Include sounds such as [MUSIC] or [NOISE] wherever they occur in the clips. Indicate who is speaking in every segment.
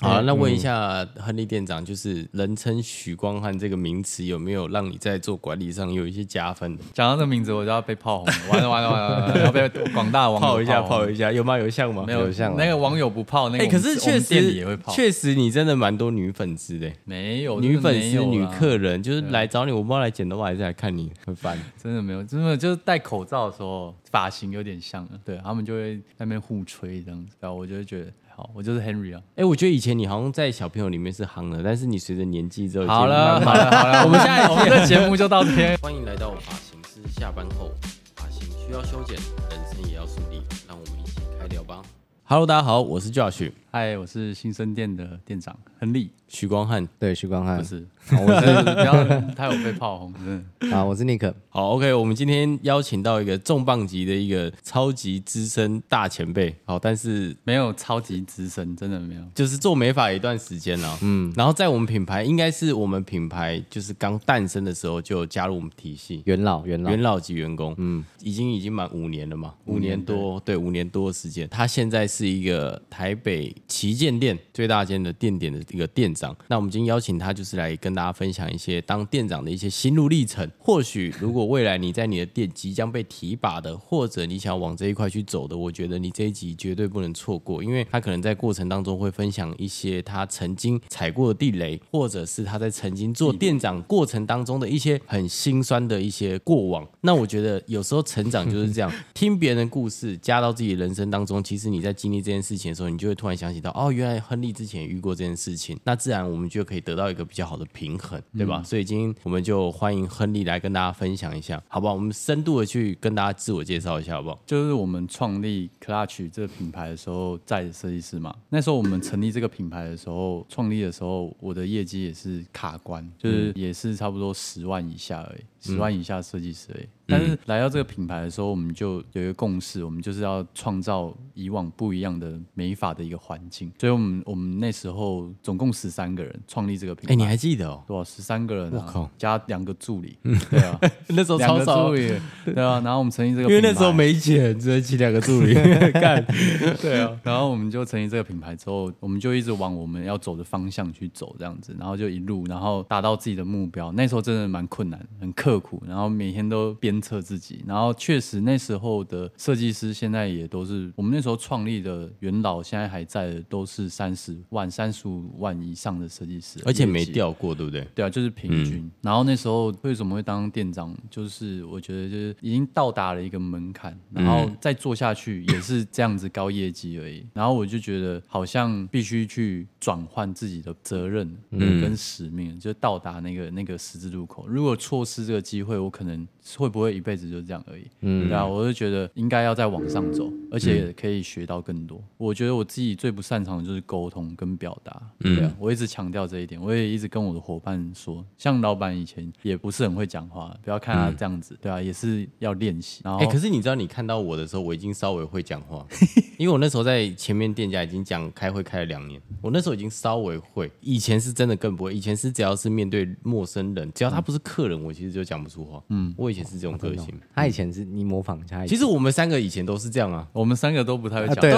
Speaker 1: 好、啊，那問一下亨利店長，就是人稱許光漢這個名詞有沒有讓你在做管理上有一些加分？講到這個名字，我就要被泡，完了完了完了，完了，要 [LAUGHS] 被廣大網友泡一下泡一下，有嗎？有像嗎？沒有，有像。那個網友不泡那個，哎、欸，可是確實店裡也會泡，確實你真的蠻多女粉絲的，欸。沒有女粉絲女客人就是來找你，我不知道來剪頭髮還是來看你，很煩，真的沒有，真的就是戴口罩的時候髮型有點像，對，他們就會在那邊互吹這樣子，然後我就會覺得。我就是 Henry 啊！哎，我覺得以前你好像在小朋友裡面是夯的，但是你隨着年紀之後慢慢好，好了好了好了，好了 [LAUGHS] 我們現在我們的節目就到這邊。歡迎來到髮型師下班後，髮型需要修剪，人生也要梳理，讓我們一起開聊吧。Hello，大家好，我是 Josh。嗨，我是新生店的店長 Henry。許光漢，對，許光漢是。是、啊，我是不 [LAUGHS] 要太有被炮轟，嗯，啊，我是尼克，好，OK，我們今天邀請到一個重磅級的一個超級資深大前輩，好，但是沒有超級資深，真的沒有，就是做美髮一段時間了、啊，嗯，然後在我們品牌應該是我們品牌就是剛誕生的時候就加入我們體系，元老元老元老級員工，嗯，已經已經滿五年了嘛，五年多，嗯、對，對，五年多的時間，他現在是一個台北旗艦店最大間的店點的一個店長。那我們今天邀請他，就是來跟大家分享一些當店長的一些心路歷程。或許如果未來你在你的店即將被提拔的，或者你想要往這一塊去走的，我覺得你這一集絕對不能錯過，因為他可能在過程當中會分享一些他曾經踩過的地雷，或者是他在曾經做店長過程當中的一些很辛酸的一些過往。那我覺得有時候成長就是這樣，聽別人的故事加到自己人生當中，其實你在經歷這件事情的時候，你就會突然想起到哦，原來亨利之前也遇過這件事情。那自然我們就可以得到一個比較好的平衡，對吧？嗯、所以今天我們就歡迎亨利來跟大家分享一下，好不好？我們深度的去跟大家自我介紹一下，好不好？就是我們創立 KLATCH 這個品牌的時候，在設計師嘛，那時候我們成立這個品牌的時候，創立的時候，我的業績也是卡關，就是也是差不多十萬以下而已。十萬以下設計師，嗯、但是來到這個品牌的時候，我們就有一個共識，我們就是要創造以往不一樣的美髮的一個環境。所以，我們我們那時候總共十三個人創立這個品牌。哎、欸，你還記得哦？多少十三個人？啊。然後靠加兩個助理，對啊， [LAUGHS] 那時候超少助理，對啊。然後我們成立這個品牌，因為那時候沒錢，只能請兩個助理幹。 [LAUGHS] 幹對啊，然後我們就成立這個品牌之後，我們就一直往我們要走的方向去走，這樣子，然後就一路，然後達到自己的目標。那時候真的蠻困難，很刻。刻苦，然後每天都鞭策自己，然後確實那時候的設計師現在也都是我們那時候創立的元老，現在還在的都是三十萬、三十五萬以上的設計師，而且沒掉過，對不對？對啊，就是平均。嗯、然後那時候為什麼會當店長？就是我覺得就是已經到達了一個門檻，然後再做下去也是這樣子高業績而已。嗯、然後我就覺得好像必須去轉換自己的責任、嗯、跟使命，就到達那個那個十字路口。如果錯失這個。機會我可能會不會一輩子就這樣而已，嗯，對啊，我就覺得應該要再往上走，而且可以學到更多。嗯、我覺得我自己最不擅長的就是溝通跟表達，嗯、對啊，我一直強調這一點，我也一直跟我的夥伴說，像老闆以前也不是很會講話，不要看他這樣子，嗯、對啊，也是要練習。然後、欸，可是你知道，你看到我的時候，我已經稍微會講話， [LAUGHS] 因為我那時候在前面店家已經講開會開了兩年，我那時候已經稍微會，以前是真的更不會，以前是只要是面對陌生人，只要他不是客人，我其實就。講不出話，嗯，我以前是這種個性。
Speaker 2: 他以前是，你模仿他。其實
Speaker 1: 我們三個以前都是這樣啊，我們三個都不太會講。對，這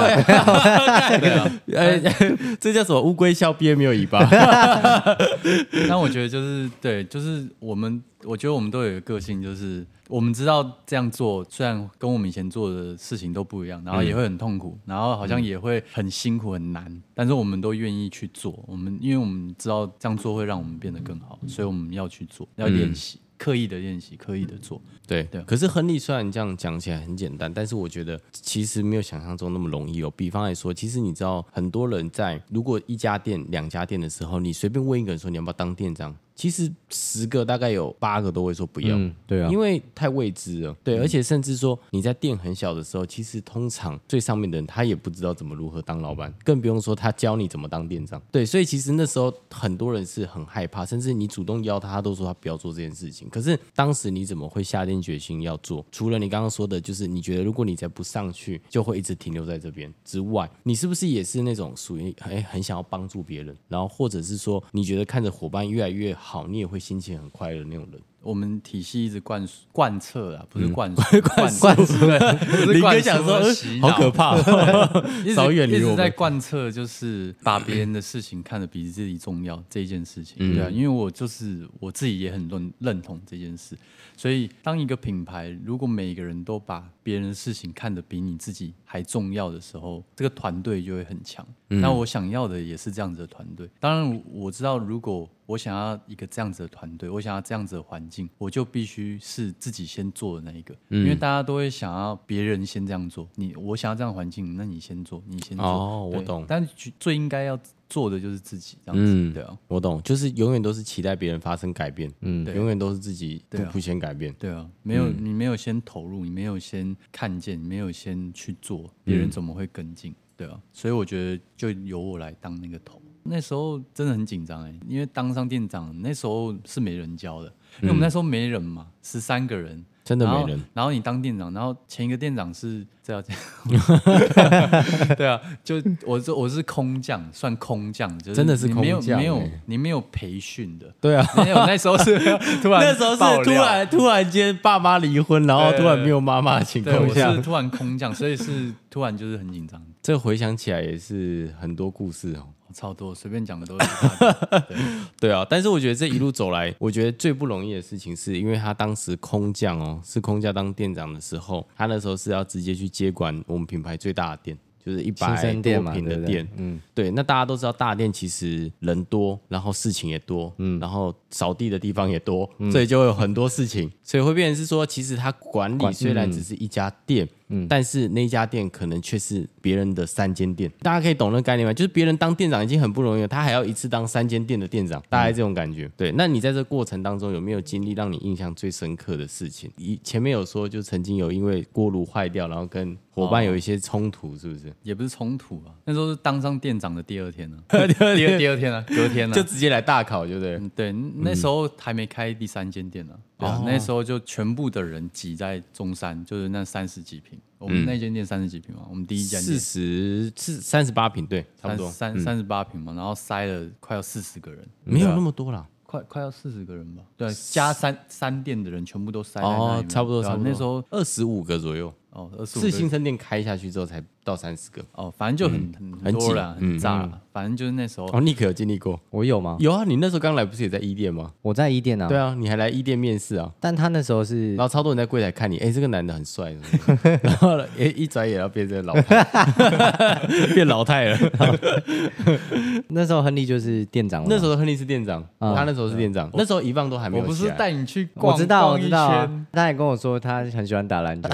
Speaker 1: 叫什麼烏龜笑鱉沒有尾巴。但我覺得就是對，就是我們，我覺得我們都有一個個性，就是我們知道這樣做，雖然跟我們以前做的事情都不一樣，然後也會很痛苦，然後好像也會很辛苦很難，但是我們都願意去做。我們因為我們知道這樣做會讓我們變得更好，所以我們要去做，要練習。刻意的練習，刻意的做，對、嗯、對。對，可是亨利雖然這樣講起來很簡單，但是我覺得其實沒有想象中那麼容易哦。比方來說，其實你知道，很多人在如果一家店、兩家店的時候，你隨便問一個人說，你要不要當店長？其實十個大概有八個都會說不要，嗯、對啊，因為太未知了，對，而且甚至說你在店很小的時候，嗯、其實通常最上面的人他也不知道怎麼如何當老板，更不用說他教你怎麼當店長，對，所以其實那時候很多人是很害怕，甚至你主動邀他，他都說他不要做這件事情。可是當時你怎麼會下定決心要做？除了你剛剛說的，就是你覺得如果你再不上去，就會一直停留在這邊之外，你是不是也是那種屬於、欸、很想要幫助別人，然後或者是說你覺得看着夥伴越來越好？好，你也會心情很快樂那種人。我們體系一直貫貫徹啊，不是貫，貫貫你可以想說好可怕，少遠離我。一直在貫徹就是把別人的事情看得比自己重要這件事情，嗯、對啊，因為我就是我自己也很認認同這件事，所以當一個品牌如果每個人都把別人的事情看得比你自己還重要的時候，這個團隊就會很強。嗯、那我想要的也是這樣子的團隊。當然我知道，如果我想要一個這樣子的團隊，我想要這樣子的環。我就必須是自己先做的那一個，因為大家都會想要別人先這樣做。你我想要這樣環境，那你先做，你先做。哦，對我懂。但最應該要做的就是自己這樣子，嗯、對啊，我懂。就是永遠都是期待別人發生改變，嗯對，永遠都是自己對、啊，不先改變對、啊，對啊，沒有、嗯、你沒有先投入，你沒有先看見，你沒有先去做，別人怎麼會跟進？對啊，所以我覺得就由我來當那個頭。那時候真的很緊張哎，因為當上店長那時候是沒人教的。因為我們那時候沒人嘛，十三、嗯、個人，真的沒人。然後你當店長，然後前一個店長是這樣， [LAUGHS] 對啊，就我我我是空降，算空降，就是、真的是空降、欸、沒有沒有，你沒有培訓的，對啊，沒有那, [LAUGHS] 那時候是突然，那時候是突然突然間爸媽離婚，然後突然沒有媽媽的情況下，突然空降，所以是突然就是很緊張。 [LAUGHS] 這回想起來也是很多故事哦。超多，隨便講的都是大店。對 [LAUGHS] 對啊，但是我覺得這一路走來， [COUGHS] 我覺得最不容易的事情，是因為他當時空降哦，是空降當店長的時候，他那時候是要直接去接管我們品牌最大的店，就是一百多平的店。新生店嘛，對對對，嗯，對，那大家都知道大店其實人多，然後事情也多，嗯，然後。掃地的地方也多，所以就會有很多事情，嗯、所以會變成是說，其實他管理雖然只是一家店，嗯、但是那家店可能卻是別人的三間店。嗯、大家可以懂那個概念嗎？就是別人當店長已經很不容易了，他還要一次當三間店的店長，大概這種感覺。嗯、對，那你在這過程當中有沒有經歷讓你印象最深刻的事情？前面有說，就曾經有因為鍋爐壞掉，然後跟夥伴有一些衝突，是不是？哦、也不是衝突啊，那時候是當上店長的第二天呢、啊， [LAUGHS] 第二第二天呢、啊，隔天呢、啊，就直接來大考就對，對對、嗯？對。那時候還沒開第三間店呢，對，那時候就全部的人擠在中山，就是那三十幾坪。我們那間店三十幾坪嗎？嗯、我們第一間 40 四十四三十八坪，對，30 差不多三三十八坪嘛。然後塞了快要四十個人，啊、沒有那麼多啦，快快要四十個人吧。對、啊，加三、哦、三店的人全部都塞在那裡、啊、哦，差不多。那時候二十五個左右哦，是新生店開下去之後才。到三十個，哦，反正就很很多了，很炸了。反正就是那
Speaker 2: 時候，哦，你可有經歷過？我
Speaker 1: 有嗎？有啊，你那時候剛來不是也在一店嗎？
Speaker 2: 我在一店啊，對啊，你
Speaker 1: 還來一店面試啊？但他那時候是，然後超多人在櫃檯看你，哎，這個男的很帥，然後哎，一轉眼
Speaker 2: 要變成老，變老太了。那時候亨利就是店長，那時候亨利是店長，他那時候是店長，那時候一棒都還沒有。我不是帶你去，我知道，我知道。他也跟我說他很喜歡打籃球，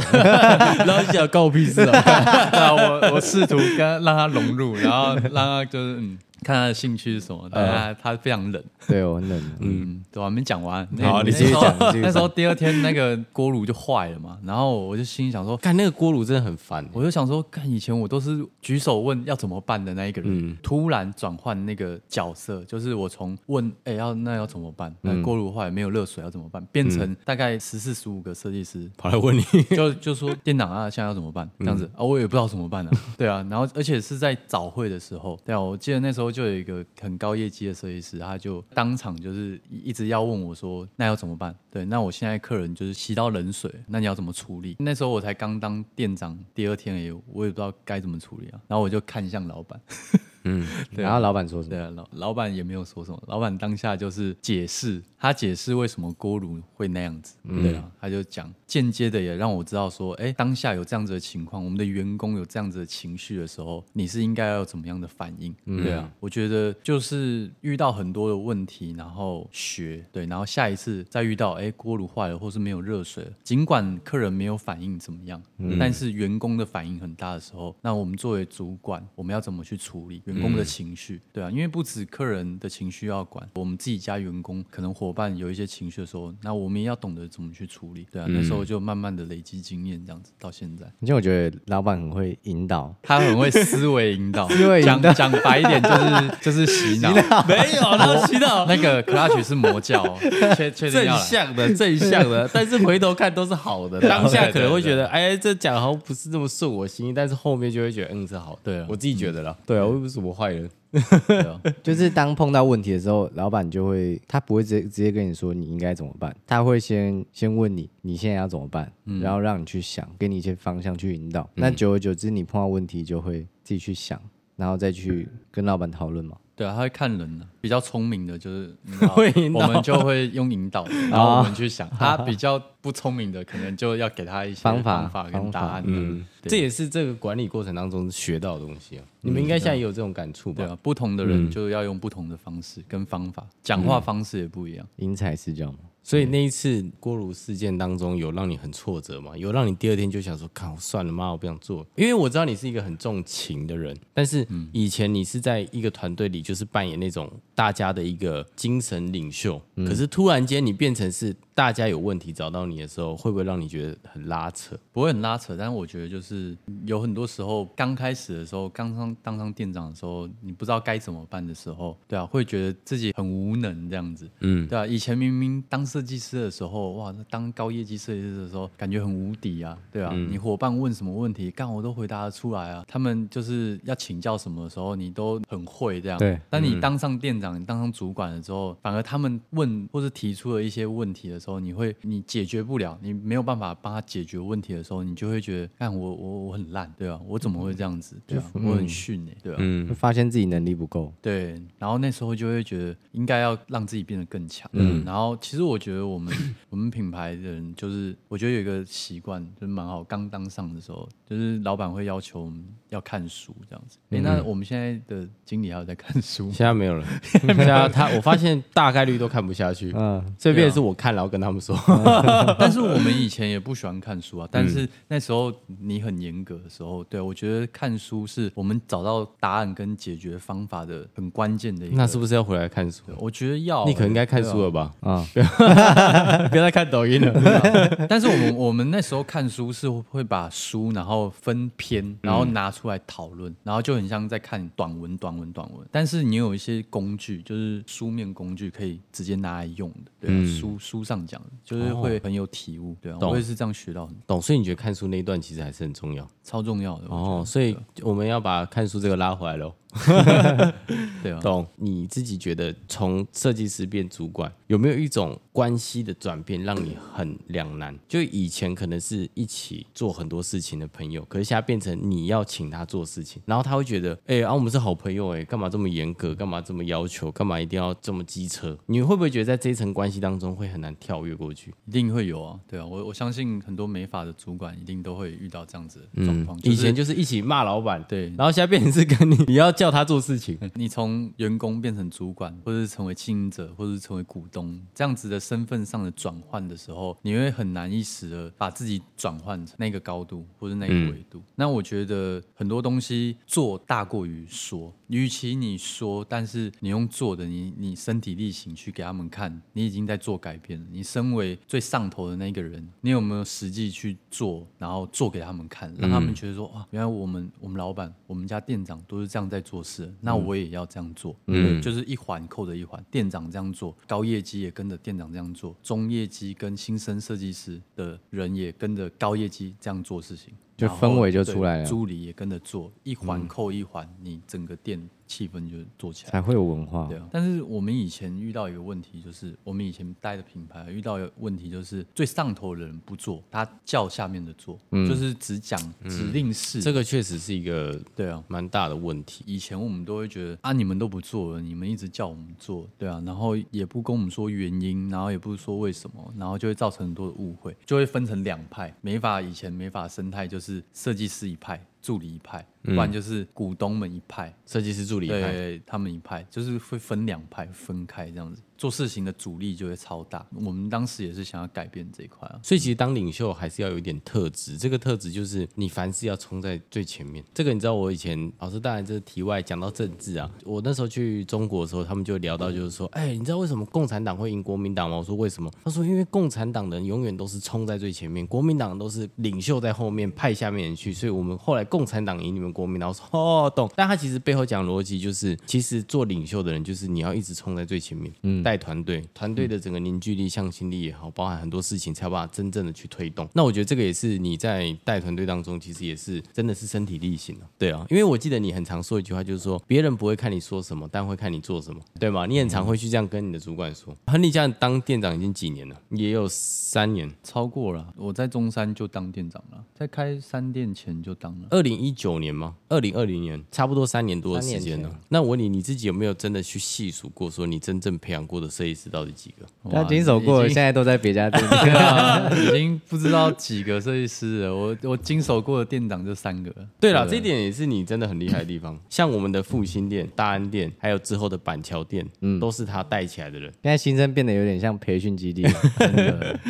Speaker 2: 然後就想告我屁事。 [LAUGHS] 我我試圖跟，讓他融入，然後
Speaker 1: 讓他就是，嗯。看他的興趣是什麼？他他非常冷，
Speaker 2: 對我冷。嗯，
Speaker 1: 對，我還沒講完。好，你繼續講。那時候第二天那個鍋爐就壞了嘛，然後我就心裡想說，幹，那個鍋爐真的很煩。我就想說，幹，以前我都是舉手問要怎麼辦的那一個人，突然轉換那個角色，就是我從問哎要那要怎麼辦，那鍋爐壞了沒有熱水要怎麼辦，變成大概十四十五個設計師跑來問你，就就說店長啊現在要怎麼辦這樣子啊，我也不知道怎麼辦了。對啊，然後而且是在早會的時候，對啊，我記得那時候。就有一個很高業績的設計師，他就當場就是一直要問我說：“那要怎麼辦？”對，那我現在客人就是洗到冷水，那你要怎麼處理？那時候我才剛當店長，第二天也我也不知道該怎麼處理啊。然後我就看向老闆，
Speaker 2: [LAUGHS] 嗯，對，然後老闆
Speaker 1: 說什麼？對啊，老老闆也沒有說什麼，老闆當下就是解釋。他解釋為什麼鍋爐會那樣子，對啊，他就講間接的也讓我知道說，哎、欸，當下有這樣子的情況，我們的員工有這樣子的情緒的時候，你是應該要有怎麼樣的反應，對啊，我覺得就是遇到很多的問題，然後學，對，然後下一次再遇到，哎、欸，鍋爐壞了或是沒有熱水了，儘管客人沒有反應怎麼樣，嗯、但是員工的反應很大的時候，那我們作為主管，我們要怎麼去處理員工的情緒，嗯、對啊，因為不只客人的情緒要管，我們自己家員工可能火。夥伴有一些情緒的時候，那我們要懂得怎麼去處理。對啊，那時候就慢慢的累積經驗，這樣子到現在。
Speaker 2: 因為我覺得老闆很會引導，他很會思維引導。思維引導講講白一點就是就是洗腦。沒有，他洗腦那個 KLATCH 是魔教，正正向的正向的。但是回頭看都是好的，當下可能會覺得
Speaker 1: 哎，這講好像不是那麼順我心意，但是後面就會覺得嗯，是好，對啊，我自己覺得啦，對啊，我又不是什麼壞人。
Speaker 2: [LAUGHS] 就是當碰到問題的時候，老板就會，他不會直接直接跟你說你應該怎麼辦，他會先先問你你現在要怎麼辦，嗯、然後讓你去想，給你一些方向去引導。嗯、那久而久之，你碰到問題就會自己去想，然後再去跟老板討論嘛。
Speaker 1: 對啊，他會看人呢、啊，比較聰明的，就是 [LAUGHS] 會鬧到 我們就會用引導， [LAUGHS] 然後我們去想。他比較不聰明的，可能就要給他一些方法、方法跟答案、啊。嗯，對這也是這個管理過程當中學到的東西、啊嗯、你們應該現在也有這種感觸吧對、啊？不同的人就要用不同的方式跟方法，講、嗯、話方式也不一樣，因材施教嘛。所以那一次鍋爐事件當中，有讓你很挫折嗎？有讓你第二天就想說，靠，算了，媽，我不想做。因為我知道你是一個很重情的人，但是以前你是在一個團隊裡，就是扮演那種大家的一個精神領袖。可是突然間你變成是大家有問題找到你的時候，會不會讓你覺得很拉扯？不會很拉扯，但是我覺得就是有很多時候，剛開始的時候，剛上當上店長的時候，你不知道該怎麼辦的時候，對啊，會覺得自己很無能這樣子。嗯，對啊，以前明明當時。設計師的時候，哇！當高業績設計師的時候，感覺很無敵啊，對啊，嗯、你夥伴問什麼問題，幹活都回答得出來啊。他們就是要請教什麼的時候，你都很會這樣。對，但你當上店長、嗯、你當上主管的時候，反而他們問或是提出了一些問題的時候，你會你解決不了，你沒有辦法幫他解決問題的時候，你就會覺得，哎，我我我很爛，對吧、啊？我怎麼會這樣子？對啊，分我很遜呢、欸。嗯、對啊，嗯，發現自己能力不夠，對。然後那時候就會覺得應該要讓自己變得更強。嗯，嗯，然後其實我。覺得我們 [LAUGHS] 我們品牌的人就是，我覺得有一個習慣就是蠻好。剛當上的時候，就是老闆會要求我們。要看書這樣子，哎，那我們現在的經理還有在看書？現在沒有了，現在，他我發現大概率都看不下去。嗯，這邊也是我看，然後跟他們說。但是我們以前也不喜歡看書啊，但是那時候你很嚴格的時候，對，我覺得看書是我們找到答案跟解決方法的很關鍵的一個。那是不是要回來看書？我覺得要，你可能應該看書了吧？啊，不要不要再看抖音了。嗯、但是我們我們那時候看書是會把書然後分篇，然後拿出。出來討論，然後就很像在看短文、短文、短文。但是你有一些工具，就是書面工具可以直接拿來用的，對啊，嗯，書書上講的，就是會很有體悟，對我會是這樣學到很，懂。所以你覺得看書那一段其實還是很重要，超重要的哦。所以我們要把看書這個拉回來嘍。 [LAUGHS] 對啊吧，懂。你自己覺得從設計師變主管，有沒有一種關係的轉變讓你很兩難？對就以前可能是一起做很多事情的朋友，可是現在變成你要請他做事情，然後他會覺得，哎、欸，啊，我們是好朋友、欸，哎，幹嘛這麼嚴格？幹嘛這麼要求？幹嘛一定要這麼機車？你會不會覺得在這一層關係當中會很難跳躍過去？一定會有啊，對啊，我我相信很多美髮的主管一定都會遇到這樣子的狀況。嗯，就是、以前就是一起罵老板，嗯、對，然後現在變成是跟你你要。叫他做事情，你從員工變成主管，或者是成為經營者，或者是成為股東，這樣子的身份上的轉換的時候，你會很難一時的把自己轉換成那個高度或者那個維度。嗯。那我覺得很多東西做大過於說，與其你說，但是你用做的你，你你身體力行去給他們看，你已經在做改變了。你身為最上頭的那一個人，你有沒有實際去做，然後做給他們看，讓他們覺得說，哇，原來我們我們老闆，我們家店長都是這樣在做。做事，那我也要這樣做，嗯，就是一環扣着一環。店長這樣做，高業績也跟着店長這樣做，中業績跟新生設計師的人也跟着高業績這樣做事情。就氛圍就出來了，助理也跟着做，一環扣一環，嗯、你整個店氣氛，就做起來了，才會有文化。對啊，但是我們以前遇到一個問題，就是我們以前待的品牌遇到一個問題，就是最上頭的人不做，他叫下面的做，嗯、就是只講指令式、嗯。這個確實是一個對啊，蠻大的問題、啊。以前我們都會覺得啊，你們都不做了，你們一直叫我們做，對啊，然後也不跟我們說原因，然後也不說為什麼，然後就會造成很多的誤會，就會分成兩派，沒法以前沒法生態就是。是設計師一派。助理一派，不然就是股東們一派，設計師助理一派，他們一派，就是會分兩派分開，這樣子做事情的阻力就會超大。我們當時也是想要改變這一塊啊，所以其實當領袖還是要有一點特質，這個特質就是你凡事要衝在最前面。這個你知道，我以前老師當然這是題外講到政治啊，我那時候去中國的時候，他們就聊到就是說，哎、嗯欸，你知道為什麼共產黨會贏國民黨嗎？我說為什麼？他說因為共產黨人永遠都是衝在最前面，國民黨都是領袖在後面派下面人去，所以我們後來。共產黨贏你們國民，然後說，哦，懂，但他其實背後講邏輯就是，其實做領袖的人就是你要一直衝在最前面，嗯、帶團隊，團隊的整個凝聚力、向心力也好，包含很多事情才有辦法真正的去推動。那我覺得這個也是你在帶團隊當中，其實也是真的是身體力行了、啊。對啊，因為我記得你很常說一句話，就是說別人不會看你說什麼，但會看你做什麼，對嗎？你很常會去這樣跟你的主管說。嗯、亨利這樣當店長已經幾年了？也有三年，超過了。我在中山就當店長了，在開三店前就當了。二零一九年嗎？二零二零年，差不多三年多的時間了。那我問你，你自己有沒有真的去細數過，說你真正培養過的設計師到底幾個？他哇經手過的經現在都在別家店、 [LAUGHS] 啊，已經不知道幾個設計師了。我我經手過的店長就三個。對了，這一點也是你真的很厲害的地方。像我們的復興店、大安店，還有之後的板橋店，嗯，都是他帶起來的人。
Speaker 2: 現在新生變得有點像培訓基地，真的，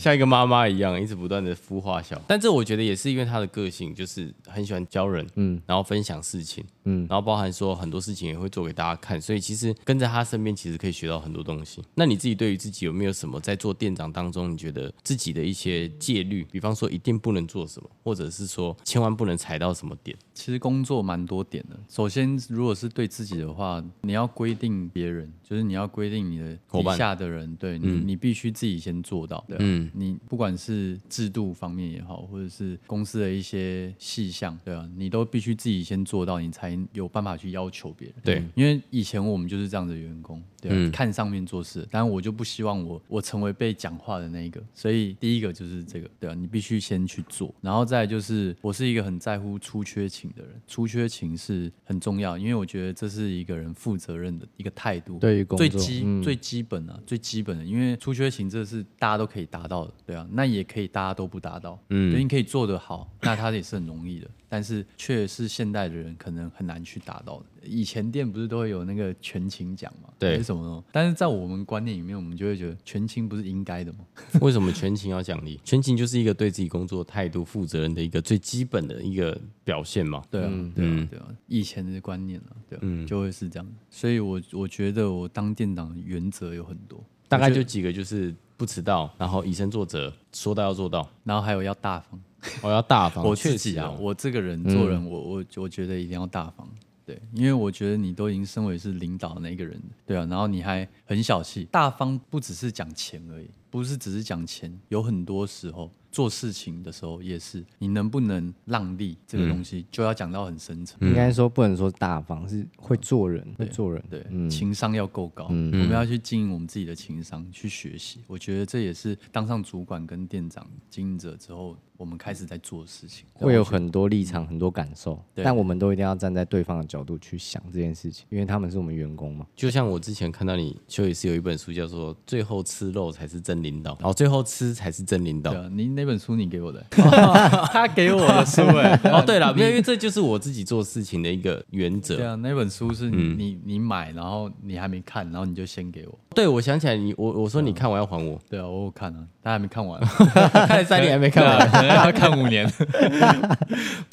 Speaker 1: 像一個媽媽一樣，一直不斷的孵化小。但這我覺得也是因為他的個性，就是。很喜歡教人，嗯，然後分享事情，嗯，然後包含說很多事情也會做給大家看，所以其實跟在他身邊其實可以學到很多東西。那你自己對於自己有沒有什麼在做店長當中，你覺得自己的一些戒律？比方說一定不能做什麼，或者是說千萬不能踩到什麼點？其實工作蠻多點的。首先，如果是對自己的話，你要規定別人，就是你要規定你的底下的人，夥伴，對你，嗯、你必須自己先做到。對啊、嗯，你不管是制度方面也好，或者是公司的一些細節。對啊，你都必須自己先做到，你才有辦法去要求別人。對，因為以前我們就是這樣子的員工。對、啊，嗯、看上面做事，但我就不希望我我成為被講話的那一個，所以第一個就是這個，對啊，你必須先去做，然後再就是我是一個很在乎出缺勤的人，出缺勤是很重要，因為我覺得這是一個人負責任的一個態度，對，最基、嗯、最基本的、啊，最基本的，因為出缺勤這是大家都可以達到的，對啊，那也可以大家都不達到，嗯，所以你可以做得好，那它也是很容易的，但是卻是現代的人可能很難去達到的。以前店不是都會有那個全勤獎嗎？對，什麼，什麼？但是在我們觀念裡面，我們就會覺得全勤不是應該的嗎？ [LAUGHS] 為什麼全勤要獎勵？全勤就是一個對自己工作態度負責任的一個最基本的一個表現嘛、啊。對啊，嗯、對啊，對啊，以前的觀念啊，對，啊，嗯、就會是這樣，所以我我覺得我當店長的原則有很多，大概就幾個，就是不遲到，然後以身作則，說到要做到，然後還有要大方。我、哦、要大方，我確實啊，啊嗯、我這個人做人，我我我覺得一定要大方。對，因為我覺得你都已經身為是領導的那一個人了，對啊，然後你還很小氣，大方不只是講錢而已，不是只是講錢，有很多時候。做事情的時候也是，你能不能讓利這個東西，就要講到很深層。嗯、應該說
Speaker 2: 不能說大方，是會做人，嗯、會做人，對，對嗯、情
Speaker 1: 商要夠高。我們、嗯、要，要去經營我們自己的情商，去學習。嗯、我覺得這也是當上主管跟店長、經營者之後，我們開始在做事情，會有很
Speaker 2: 多立場、很多感受，嗯、但我們都一定要站在對方的角度去想這件事情，因為他們是我們員工嘛。就
Speaker 1: 像我之前看到你就也是有一本書叫做《最後吃肉才是真領導》
Speaker 2: 哦，然後最後吃
Speaker 1: 才是真領導。那本書你給我的、欸哦，他給我的書哎、欸，哦對了啦你、哦，因為這就是我自己做事情的一個原則。對啊，那本書是你、嗯、你買，然後你還沒看，然後你就先給我。對，我想起來，你我我說你看完要還我。對啊，我有看了、啊，他還沒看
Speaker 2: 完， [LAUGHS] 看了三年還沒看完，看五年。 [LAUGHS] 啊、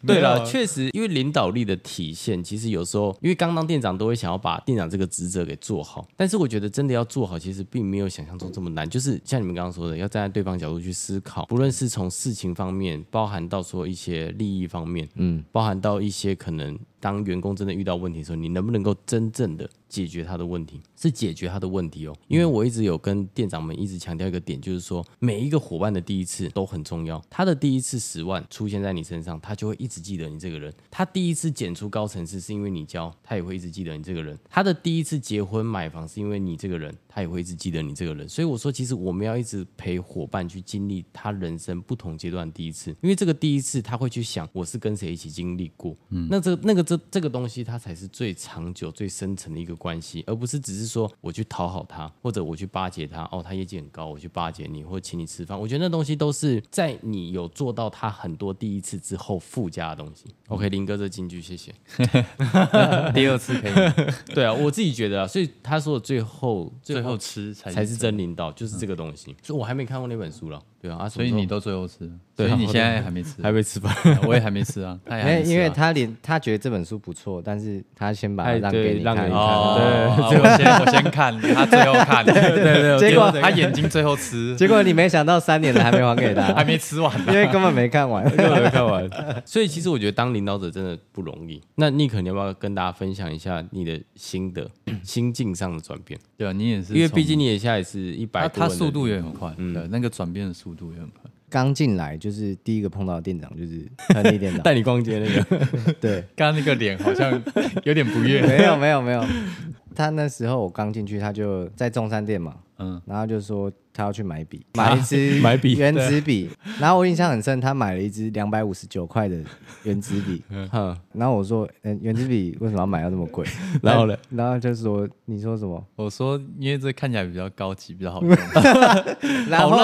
Speaker 2: 對了啦，確、
Speaker 1: 啊、實，因為領導力的體現，其實有時候因為剛當店長都會想要把店長這個職責給做好，但是我覺得真的要做好，其實並沒有想象中這麼難，就是像你們剛剛說的，要站在對方角度去思考，不論。是從事情方面包含到說一些利益方面，嗯，包含到一些可能。當員工真的遇到問題的時候，你能不能夠真正的解決他的問題？是解決他的問題哦，因為我一直有跟店長們一直強調一個點，就是說每一個伙伴的第一次都很重要。他的第一次十萬出現在你身上，他就會一直記得你這個人。他第一次剪出高層次，是因為你教，他也會一直記得你這個人。他的第一次結婚買房，是因為你這個人，他也會一直記得你這個人。所以我說，其實我們要一直陪伙伴去經歷他人生不同階段第一次，因為這個第一次他會去想我是跟誰一起經歷過。嗯，那這那個真這，這個東西它才是最長久、最深層的一個關係，而不是只是說我去討好他，或者我去巴結他。哦，他業績很高，我去巴結你，或者請你吃飯。我覺得那東西都是在你有做到他很多第一次之後附加的東西。OK，、嗯、林哥這金句謝謝。 [LAUGHS] [LAUGHS] 第二次可以。 [LAUGHS] 對啊，我自己覺得啊，所以他說的最後最後，最後吃才才是真領導，就是這個東西。嗯、所以我還沒看過那本書了，對啊，啊所以你都最後吃。對你現在還沒吃，還沒吃吧？我也還沒吃啊。因為因為
Speaker 2: 他連他覺得這本書不錯，但是他先把它讓給你，讓給他。對，我先我先看，他最後看。對對，結果他眼睛最後吃。結果你沒想到，三年了還沒還給他，還沒吃完呢，因為根本沒看完，根本沒看完。
Speaker 1: 所以其實我覺得當領導者真的不容易。那尼克，你要不要跟大家分享一下你的心得、心境上的轉變？對啊，你也是，因為畢竟你現在也是一百，他速度也很快，那個轉變的速
Speaker 2: 度也很快。剛進來就是第一個碰到的店長，就是他那店長帶你逛街那個， [LAUGHS] 對，剛 [LAUGHS] 那個臉好像有點不悅。 [LAUGHS] [LAUGHS] 沒有，沒有，沒有。他那時候我剛進去，他就在中山店嘛，嗯，然後就說。他要去買筆，買一支買筆原子筆，然後我印象很深，他買了一支兩百五十九塊的原子筆， [LAUGHS] 嗯，呵然後我說、欸、原子筆為什麼要買要這麼貴？ [LAUGHS] 然後呢，然後就是說你說什麼？
Speaker 1: 我說因為這看起來比較高級，比較好用， [LAUGHS] 後好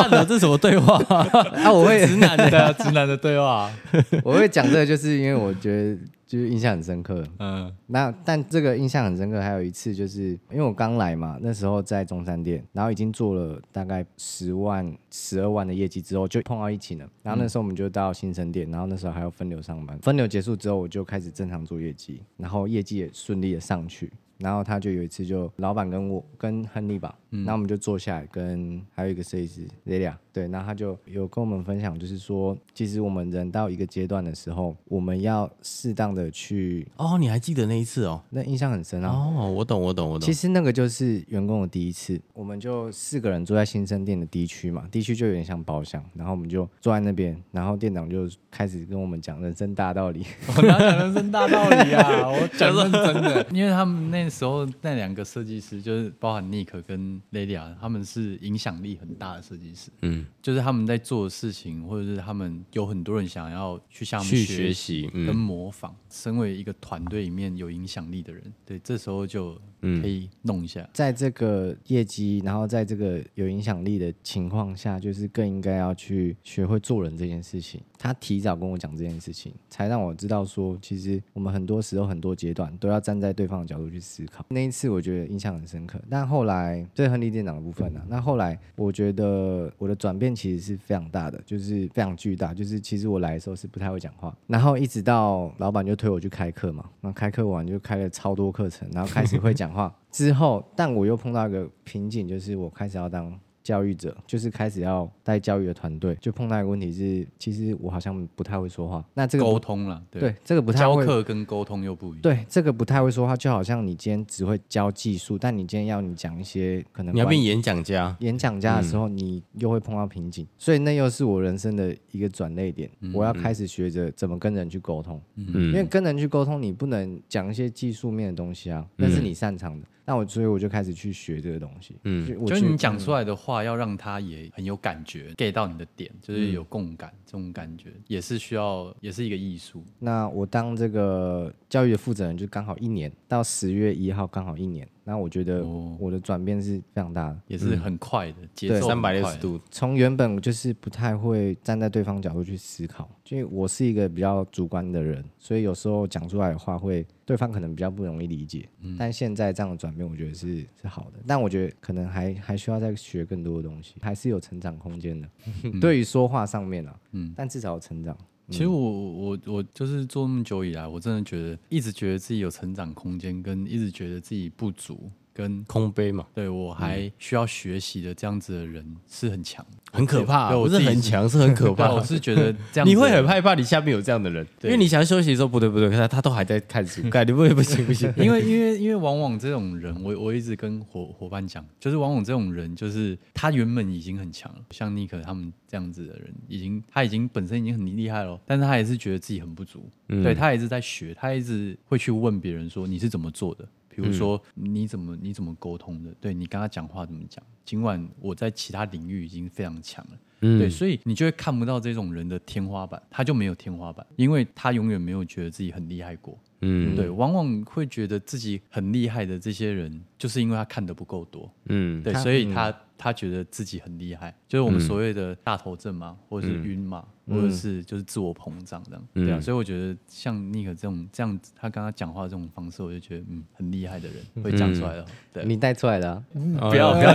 Speaker 1: 爛的，這是什麼對話？ [LAUGHS] 啊，我會 [LAUGHS] 直男的對，啊、直男的對話， [LAUGHS] 我會講這
Speaker 2: 個，就是因為我覺得就是印象很深刻，嗯，那但這個印象很深刻，還有一次就是因為我剛來嘛，那時候在中山店，然後已經做了大概。十萬、十二萬的業績之後就碰到一起了，然後那時候我們就到新生店，然後那時候還要分流上班，分流結束之後我就開始正常做業績，然後業績也順利的上去，然後他就有一次就老闆跟我跟亨利吧，那、嗯、我們就坐下來跟還有一個設計師雷亞。對，然後他就有跟我們分享，就是說，其實我們人到一個階段的時候，我們要適當的去哦。你還記得那一次哦，那印象很深啊。哦，我懂，我懂，我懂。其實那個就是員工的第一次，我們就四個人住在新生店的 D 區嘛，D 區就有點像包廂，然後我們就坐在那邊，然後店長就開始跟我們講人生大道理。我哪講人生大道理啊， [LAUGHS]
Speaker 1: 我講的很真的， [LAUGHS] 因為他們那時候那兩個設計師就是包含 Nick 跟 Lidia，他們是影響力很大的設計師，嗯。就是他們在做的事情，或者是他們有很多人想要去向他們學習跟模仿。嗯、身為一個團隊裡面有影響力的人，對，這時候就可以弄一下。
Speaker 2: 在這個業績，然後在這個有影響力的情況下，就是更應該要去學會做人這件事情。他提早跟我講這件事情，才讓我知道說，其實我們很多時候很多階段都要站在對方的角度去思考。那一次我覺得印象很深刻，但後來最亨利店長的部分呢？啊？對那後來我覺得我的轉。轉變其實是非常大的，就是非常巨大。就是其實我來的時候是不太會講話，然後一直到老闆就推我去開課嘛，那開課完就開了超多課程，然後開始會講話 [LAUGHS] 之後，但我又碰到一個瓶頸，就是我開始要當。教育者，就是開始要帶教育的團隊，就碰到一個問題是，其實我好像不太會說話。那這個溝
Speaker 1: 通了，對，對這個不太會，教課跟溝通又不一樣。對
Speaker 2: 這個不太會說話，就好像你今天只會教技術，但你今天要你講一些可能你要變演講家，演講家的時候、嗯、你又會碰到瓶頸，所以那又是我人生的一個轉捩點。嗯嗯，我要開始學着怎麼跟人去溝通。嗯、因為跟人去溝通，你不能講一些技術面的東西啊，那是你擅長的。嗯那我所以我就開始去學這個東西，嗯，就是你講出
Speaker 1: 來的話要讓他也很有感覺，get 到你的點就是有共感、嗯、這種感覺，也是需要，也是一個藝術。
Speaker 2: 那我當這個教育的負責人，就剛好一年，到十月一號剛好一年。那我覺得我的轉變是非常大的，也是很快
Speaker 1: 的，嗯、節奏，對，三百六十度。
Speaker 2: 從原本就是不太會站在對方角度去思考，就因為我是一個比較主觀的人，所以有時候講出來的話會對方可能比較不容易理解。嗯、但現在這樣的轉變，我覺得是是好的，但我覺得可能還還需要再學更多的東西，還是有成長空間的。嗯、對於說話上面啊，嗯、但至少有成長。
Speaker 1: 其實我我我就是做那麼久以來，我真的覺得，一直覺得自己有成長空間，跟一直覺得自己不足。跟空杯嘛，對，我還需要學習的這樣子的人是很強，很可怕。不是很強，是很可怕。我是覺得這樣，你會很害怕你下面有這樣的人，因為你想要休息的時候，不對不對，他都還在看書。概，你不會不行不行，因為因為因為往往這種人，我我一直跟夥夥伴講，就是往往這種人，就是他原本已經很強了，像尼克他們這樣子的人，已經他已經本身已經很厲害了，但是他也是覺得自己很不足，對，他也是在學，他一直會去問別人說，你是怎麼做的？比如說，你怎麼、嗯、你怎麼溝通的？對，你跟他講話怎麼講？儘管我在其他領域已經非常強了，嗯、對，所以你就會看不到這種人的天花板，他就沒有天花板，因為他永遠沒有覺得自己很厲害過。嗯，對，往往會覺得自己很厲害的這些人，就是因為他看得不夠多，嗯，對，所以他他覺得自己很厲害，就是我們所謂的大頭症嘛，或者是暈嘛，或者是就是自我膨脹這樣，對啊，所以我覺得像尼克這種這樣，他剛剛講話這種方式，我就覺得嗯，很厲害的人會講出來的，
Speaker 2: 對，你帶出來的，不要不要，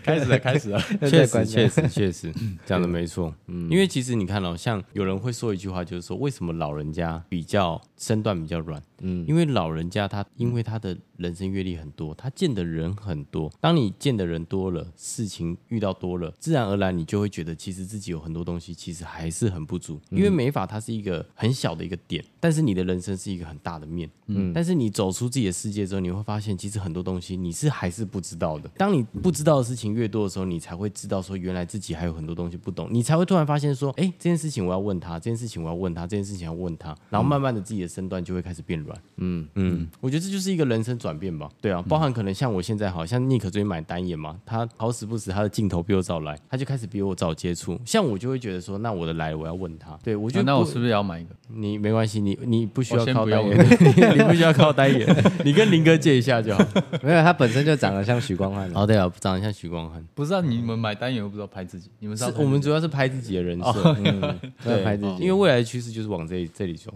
Speaker 2: 開始了，開始了，確實，確實，確實講的沒錯，嗯，
Speaker 1: 因為其實你看哦，像有人會說一句話，就是說為什麼老人。人家比較身段比較軟，嗯，因為老人家他，因為他的人生閱歷很多，他見的人很多。當你見的人多了，事情遇到多了，自然而然你就會覺得，其實自己有很多東西其實還是很不足。嗯、因為美髮它是一個很小的一個點，但是你的人生是一個很大的面。嗯，但是你走出自己的世界之後，你會發現，其實很多東西你是還是不知道的。當你不知道的事情越多的時候，你才會知道說，原來自己還有很多東西不懂。你才會突然發現說，哎，這件事情我要問他，這件事情我要問他，這件事情要問他，然後慢慢的自己的身段就會開始變軟。嗯嗯，嗯，我覺得這就是一個人生轉變吧，對啊，包含可能像我現在，好像 Nick 最近買單眼嘛，他好死不死他的鏡頭比我早來，他就開始比我早接觸。像我就會覺得說，那我的來我要問他，對我覺得那我是不是也要買一個？你沒關係，你你不需要靠單眼，你不需要靠單眼，你跟林哥借一下就好。沒有，他本身就長得像許光漢。哦對啊，長得像許光漢。不知道你們買單眼我不知道拍自己，你們知道我們主要是拍自己的人設，拍自己，因為未來的趨勢就是往這這裡走。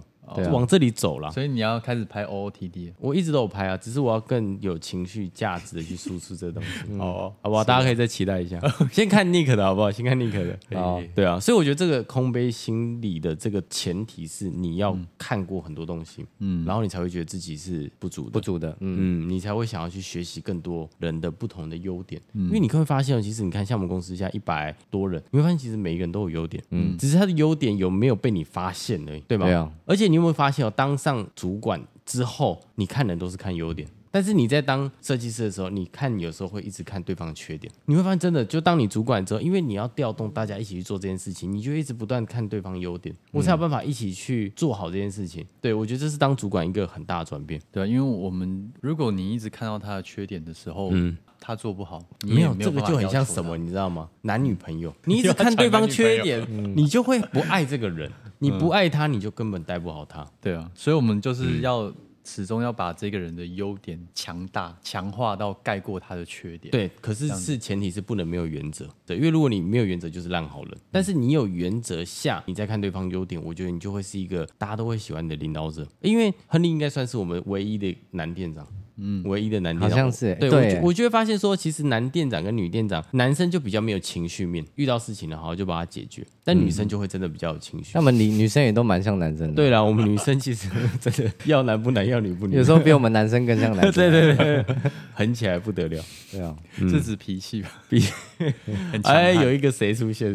Speaker 1: 往這裡走了，所以你要開始拍 OOTD，我一直都有拍啊，只是我要更有情緒價值的去輸出這個東西，哦，好不好？大家可以再期待一下，先看 Nick 的好不好？先看 Nick 的，啊，對啊，所以我覺得這個空杯心理的這個前提是你要看過很多東西，嗯，然後你才會覺得自己是不足的。不足的，嗯，你才會想要去學習更多人的不同的優點，因為你會發現哦，其實你看像我們公司現在一百多人，你會發現其實每一個人都有優點，嗯，只是他的優點有沒有被你發現而已，對吧？對啊，而且你。你有沒有發現哦？當上主管之後，你看人都是看優點；但是你在當設計師的時候，你看有時候會一直看對方的缺點。你會發現，真的就當你主管之後，因為你要調動大家一起去做這件事情，你就一直不斷看對方優點，我才有辦法一起去做好這件事情。嗯，對，我覺得這是當主管一個很大的轉變，對吧？因為我們如果你一直看到他的缺點的時候，嗯，他做不好，你沒有辦法，沒有，這個就很像什麼，你知道嗎？男女朋友，你一直看對方缺點，你就會不愛這個人。你不愛他，你就根本帶不好他，嗯。對啊，所以我們就是要始終要把這個人的優點強大、強化到蓋過他的缺點。對，可是是前提是不能沒有原則。對，因為如果你沒有原則，就是爛好人。但是你有原則下，你再看對方優點，我覺得你就會是一個大家都會喜歡的領導者。因為亨利應該算是我們唯一的男店長。嗯，唯一的男店長，好像是對。我就會發現說，其實男店長跟女店長，男生就比較沒有情緒面，遇到事情的話就把它解決，但女生就會真的比較有情緒。那麼你
Speaker 2: 女生也都蠻像男生的，對
Speaker 1: 啦，我們女生其實真的要男不男，要女不女，有時候比我們男生更像男生，對對對，狠起來不得了，對啊，這只是脾氣吧，很哎，有一個誰出現，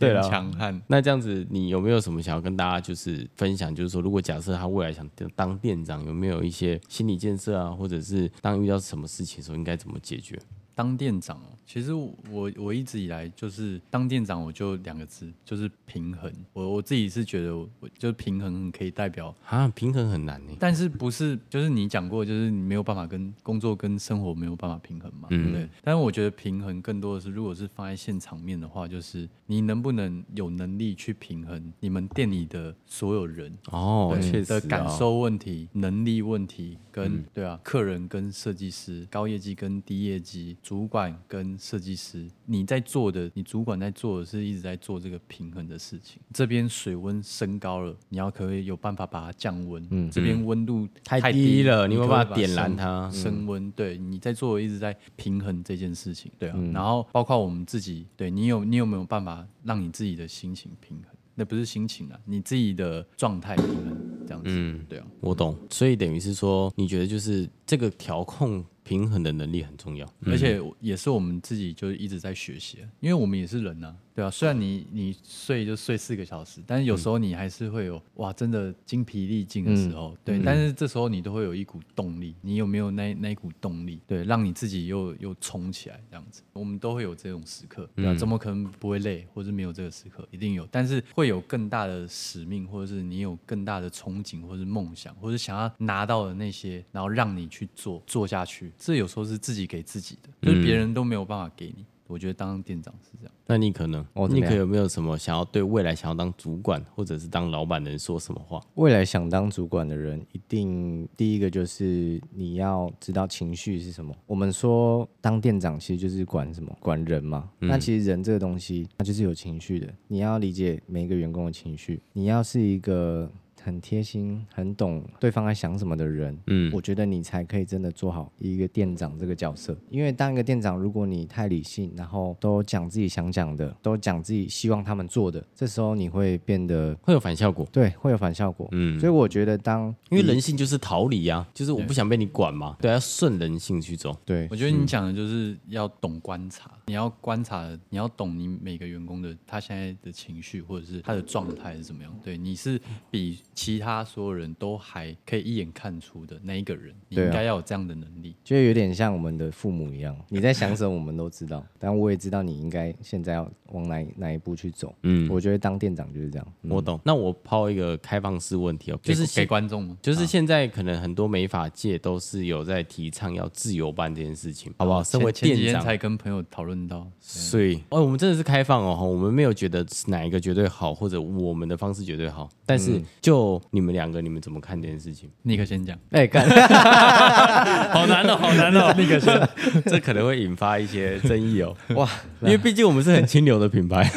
Speaker 1: 對了，強悍。那這樣子，你有沒有什麼想要跟大家就是分享，就是說，如果假設他未來想當店長，有沒有一些？心理建設啊，或者是當遇到什麼事情的時候，應該怎麼解決？當店長，其實我我一直以來就是當店長，我就兩個字，就是平衡。我我自己是覺得，就是平衡可以代表啊，平衡很難誒、欸。但是不是就是你講過，就是你沒有辦法跟工作跟生活沒有辦法平衡嘛？嗯，對。但是我覺得平衡更多的是，如果是放在現場面的話，就是你能不能有能力去平衡你們店裡的所有人哦，對、確實、哦、的感受問題、能力問題，跟、嗯、對啊，客人跟設計師、高業績跟低業績。主管跟設計師，你在做的，你主管在做的是一直在做這個平衡的事情。這邊水溫升高了，你要可以有辦法把它降溫？嗯，這邊溫度太低，太低了，你有辦法點燃它、嗯、升溫。對，你在做的一直在平衡這件事情。對啊，嗯、然後包括我們自己，對，你有你有沒有辦法讓你自己的心情平衡？那不是心情啊，你自己的狀態平衡這樣子。嗯、對啊，我懂。所以等於是說，你覺得就是這個調控。平衡的能力很重要，嗯、而且也是我們自己就一直在學習，因為我們也是人吶啊。對啊，雖然你你睡就睡四個小時，但是有時候你還是會有、嗯、哇，真的精疲力盡的時候。嗯、對，嗯、但是這時候你都會有一股動力，你有沒有那那一股動力？對，讓你自己又又衝起來這樣子。我們都會有這種時刻，對啊，嗯、怎麼可能不會累，或是沒有這個時刻，一定有。但是會有更大的使命，或者是你有更大的憧憬，或是夢想，或是想要拿到的那些，然後讓你去做做下去。這有時候是自己給自己的，就是別人都沒有辦法給你。嗯我覺得當店長是
Speaker 2: 這樣那。那尼克呢，尼克有
Speaker 1: 沒有什麼想要對未來想要當主管或者是當老闆的人說什麼話？未來
Speaker 2: 想當主管的人，一定第一個就是你要知道情緒是什麼。我們說當店長其實就是管什麼，管人嘛。嗯、那其實人這個東西，它就是有情緒的。你要理解每一個員工的情緒。你要是一個。很貼心、很懂對方在想什麼的人，嗯，我覺得你才可以真的做好一個店長這個角色。因為當一個店長，如果你太理性，然後都講自己想講的，都講自己希望他們做的，這時候你會變得會有反效果。對，會有反效果。嗯，所以我覺得當，因為人性就是逃離啊，就是我不想
Speaker 1: 被你管嘛。對，對，要順人性去走。對，我覺得你講的就是要懂觀察，嗯，你要觀察，你要懂你每個員工的他現在的情緒或者是他的狀態是怎麼樣。對，你是比。嗯其他所有人都還可以一眼看出的那一個人，你應該要
Speaker 2: 有這樣的能力，就有點像我們的父母一樣。你在想什麼，我們都知道，但我也知道你應該現在要往哪哪一步去走。嗯，我覺得當店長就是這樣。我懂。那
Speaker 1: 我拋一個開放式問題哦，就是給觀眾，就是現在可能很多美髮界都是有在提倡要自由辦這件事情，好不好？身為店長才跟朋友討論到，所以哦，我們真的是開放哦，我們沒有覺得哪一個絕對好，或者我們的方式絕對好，但是就。你們兩個，你們怎麼看這件事情？尼克先講。哎、欸，幹、 [LAUGHS] 喔，好難哦、喔，好難哦。尼克先，這可能會引發一些爭議哦、喔。哇，因為畢竟我們是很清流的品牌。 [LAUGHS]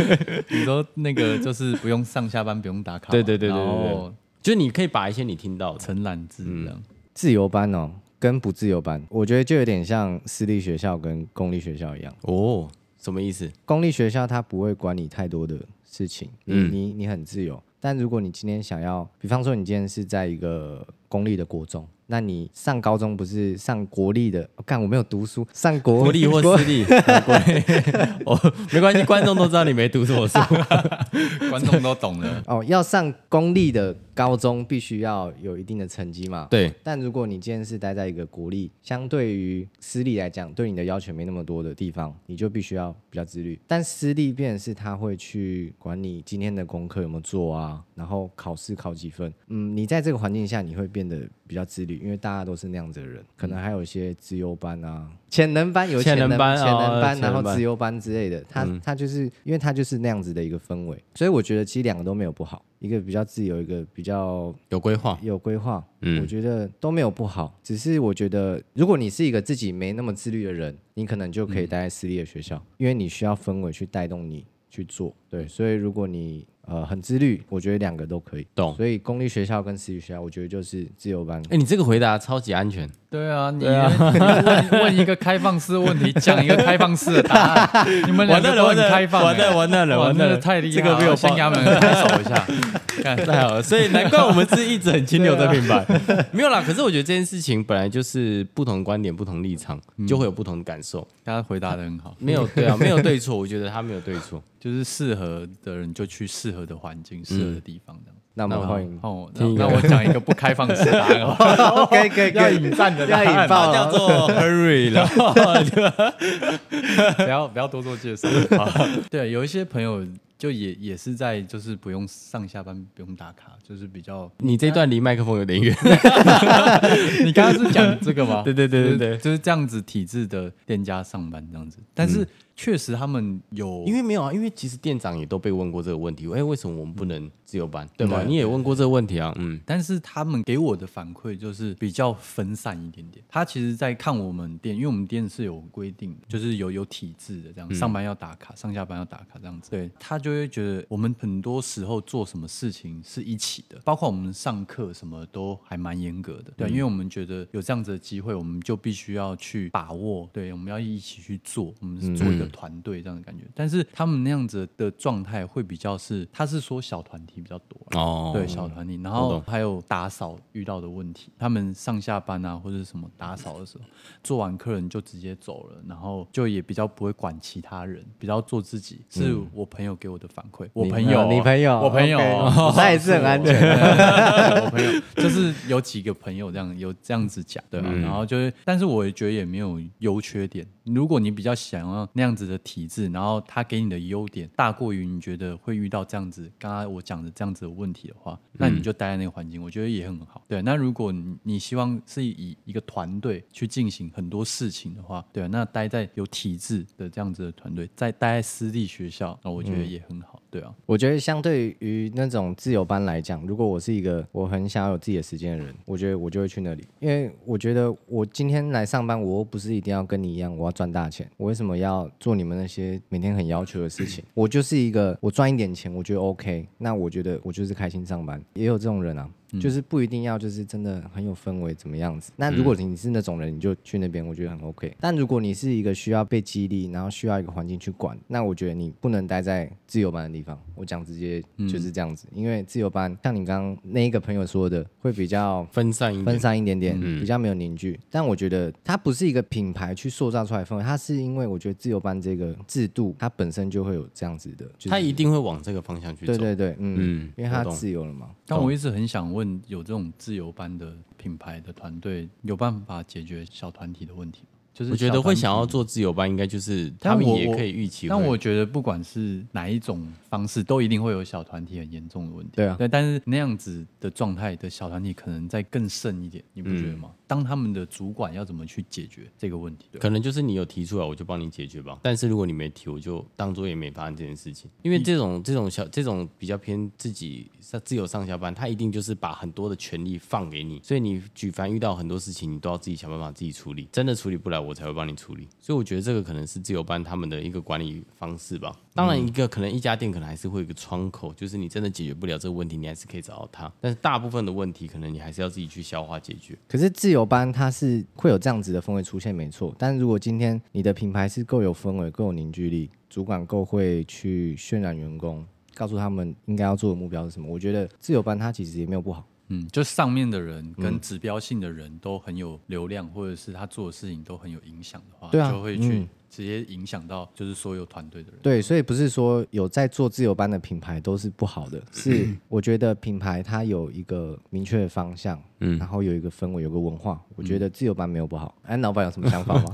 Speaker 1: [LAUGHS] 你說那個就是不用上下班，不用打卡、啊。對，對對對對對。後就你可以把一些你聽到的，承攬制這樣
Speaker 2: 自由班哦、喔，跟不自由班，我覺得就有點像私立學校跟公立學校一樣。哦，什麼意思？公立學校他不會管你太多的事情，嗯，你你，你很自由。但如果你今天想要，比方說你今天是在一個公立的國中，那你上高中不是上國立的？看、哦、我沒有讀書，上國、國立或是私立？哦，沒關係，觀眾都知道你沒讀什麼書，觀眾都懂的。哦，要上公立的。高中必須要有一定的成績嘛？對。但如果你今天是待在一個國立相對於私立來講，對你的要求沒那麼多的地方，你就必須要比較自律。但私立變的是，他會去管你今天的功課有沒有做啊，然後考試考幾分。嗯，你在這個環境下，你會變得比較自律，因為大家都是那樣子的人。可能還有一些資優班啊。嗯潛能班有潛能、能班、潛能班、能班，然後自由班之類的，他他就是因為他就是那樣子的一個氛圍，嗯、所以我覺得其實兩個都沒有不好，一個比較自由，一個比較有規劃，有規劃，嗯，我覺得都沒有不好，只是我覺得如果你是一個自己沒那麼自律的人，你可能就可以待在私立的學校，嗯、因為你需要氛圍去帶動你去做，對，所以如果你呃很自律，我覺得兩個都可以，懂，所以公立學校跟私立學校，我覺得就是自由班，哎誒能，你這個回答
Speaker 1: 超級安全。對啊，你問問一個開放式問題，講一個開放式的答案。你們兩個都很開放，完蛋了，完蛋了，太厲害了。這個沒有，兄弟們介紹一下，太好了。所以難怪我們是一直很清流的品牌。沒有啦，可是我覺得這件事情本來就是不同觀點、不同立場，就會有不同的感受。他回答的很好，沒有對啊，沒有對錯。我覺得他沒有對錯，就是適合的人就去適合的環境、適合的地方那我迎那我講一個不開放式的答案哦，可以可以可以，引戰的，不要不要多做介紹啊。對，有一些朋友就也也是在就是不用上下班不用打卡，就是比較你這段離麥克風有點遠，你剛剛是講這個嗎？對對對對對，就是這樣子體制的店家上班這樣子，但是。確實，他們有，因為沒有啊，因為其實店長也都被問過這個問題，哎、欸，為什麼我們不能自由班？嗯、對吧？你也問過這個問題啊，嗯，但是他們給我的反饋就是比較分散一點點。他其實，在看我們店，因為我們店是有規定，就是有有體制的，這樣上班要打卡，嗯、上下班要打卡，這樣子，對，他就會覺得我們很多時候做什麼事情是一起的，包括我們上課什麼都還蠻嚴格的，對，嗯、因為我們覺得有這樣子的機會，我們就必須要去把握，對，我們要一起去做，我們是做一個、嗯。嗯團隊這樣的感覺，但是他們那樣子的狀態會比較是，他是說小團體比較多哦、啊，oh、對小團體，然後還有打掃遇到的問題，他們上下班啊或者什麼打掃的時候，做完客人就直接走了，然後就也比較不會管其他人，比較做自己，是我朋友給我的反饋。嗯、我朋友，你朋友，我朋友，okay, 哦、他也是很安全我 [LAUGHS] 對。我朋友就是有幾個朋友這樣有這樣子講對啊，嗯、然後就是，但是我也覺得也沒有優缺點。如果你比較想要那樣子的體制，然後他給你的優點大過於你覺得會遇到這樣子，剛剛我講的這樣子的問題的話，那你就待在那個環境，我覺得也很好。對，那如果你希望是以一個團隊去進行很多事情的話，對，那待在有體制的這樣子的團隊，再待在私立學校，那我覺得也很好。對啊，
Speaker 2: 我覺得相對於那種自由班來講，如果我是一個我很想要有自己的時間的人，我覺得我就會去那裡，因為我覺得我今天來上班，我又不是一定要跟你一樣，我要。賺大錢，我為什麼要做你們那些每天很要求的事情？我就是一個，我賺一點錢，我覺得 OK。那我覺得我就是開心上班，也有這種人啊。就是不一定要，就是真的很有氛圍，怎麼樣子？那如果你是那種人，你就去那邊，我覺得很 OK。但如果你是一個需要被激勵，然後需要一個環境去管，那我覺得你不能待在自由班的地方。我講直接就是這樣子，因為自由班像你剛剛那一個朋友說的，會比較分散一點。分散一點點，比較沒有凝聚。但我覺得它不是一個品牌去塑造出來的氛圍，它是因為我覺得自由班這個制度，它本身就會有這樣子的，它、就是、一定
Speaker 1: 會往這個方向去走。對對對，嗯，嗯。因為它自由了嘛。我懂走但我一直很想問。問有這種自由班的品牌的團隊，有辦法解決小團體的問題？就是我覺得會想要做自由班，應該就是他們，但我 他們也可以預期。但我覺得不管是哪一種方式，都一定會有小團體很嚴重的問題。對啊，對。但是那樣子的狀態的小團體，可能再更甚一點，你不覺得嗎？嗯、當他們的主管要怎麼去解決這個問題？對，可能就是你有提出來，我就幫你解決吧。但是如果你沒提，我就當作也沒發生這件事情。因為這種你 這種小這種比較偏自己上自由上下班，他一定就是把很多的權力放給你，所以你舉凡遇到很多事情，你都要自己想辦法自己處理。真的處理不來，我。我才會幫你處理，所以我覺得這個可能是自由班他們的一個管理方式吧。當然，一個可能一家店可能還是會有一個窗口，就是你真的解決不了這個問題，你還是可以找到他。但是大部分的問題，可能你還是要自己去消化解決。
Speaker 2: 可是自由班它是會有這樣子的氛圍出現，沒錯。但是如果今天你的品牌是夠有氛圍、夠有凝聚力，主管夠會去渲染員工，告訴他們應該要做的目標是什麼，我覺得自由班它其實也沒有不好。
Speaker 1: 嗯，就上面的人跟指標性的人都很有流量，嗯、或者是他做的事情都很有影響的話，啊、就會去直接影響到就是所有團隊的人的、
Speaker 2: 嗯。對，所以不是說有在做自由班的品牌都是不好的，是我覺得品牌它有一個明確的方向， [LAUGHS] 嗯，然後有一個氛圍，有個文化，我覺得自由班沒有不好。哎、嗯欸，老闆有什麼想法嗎？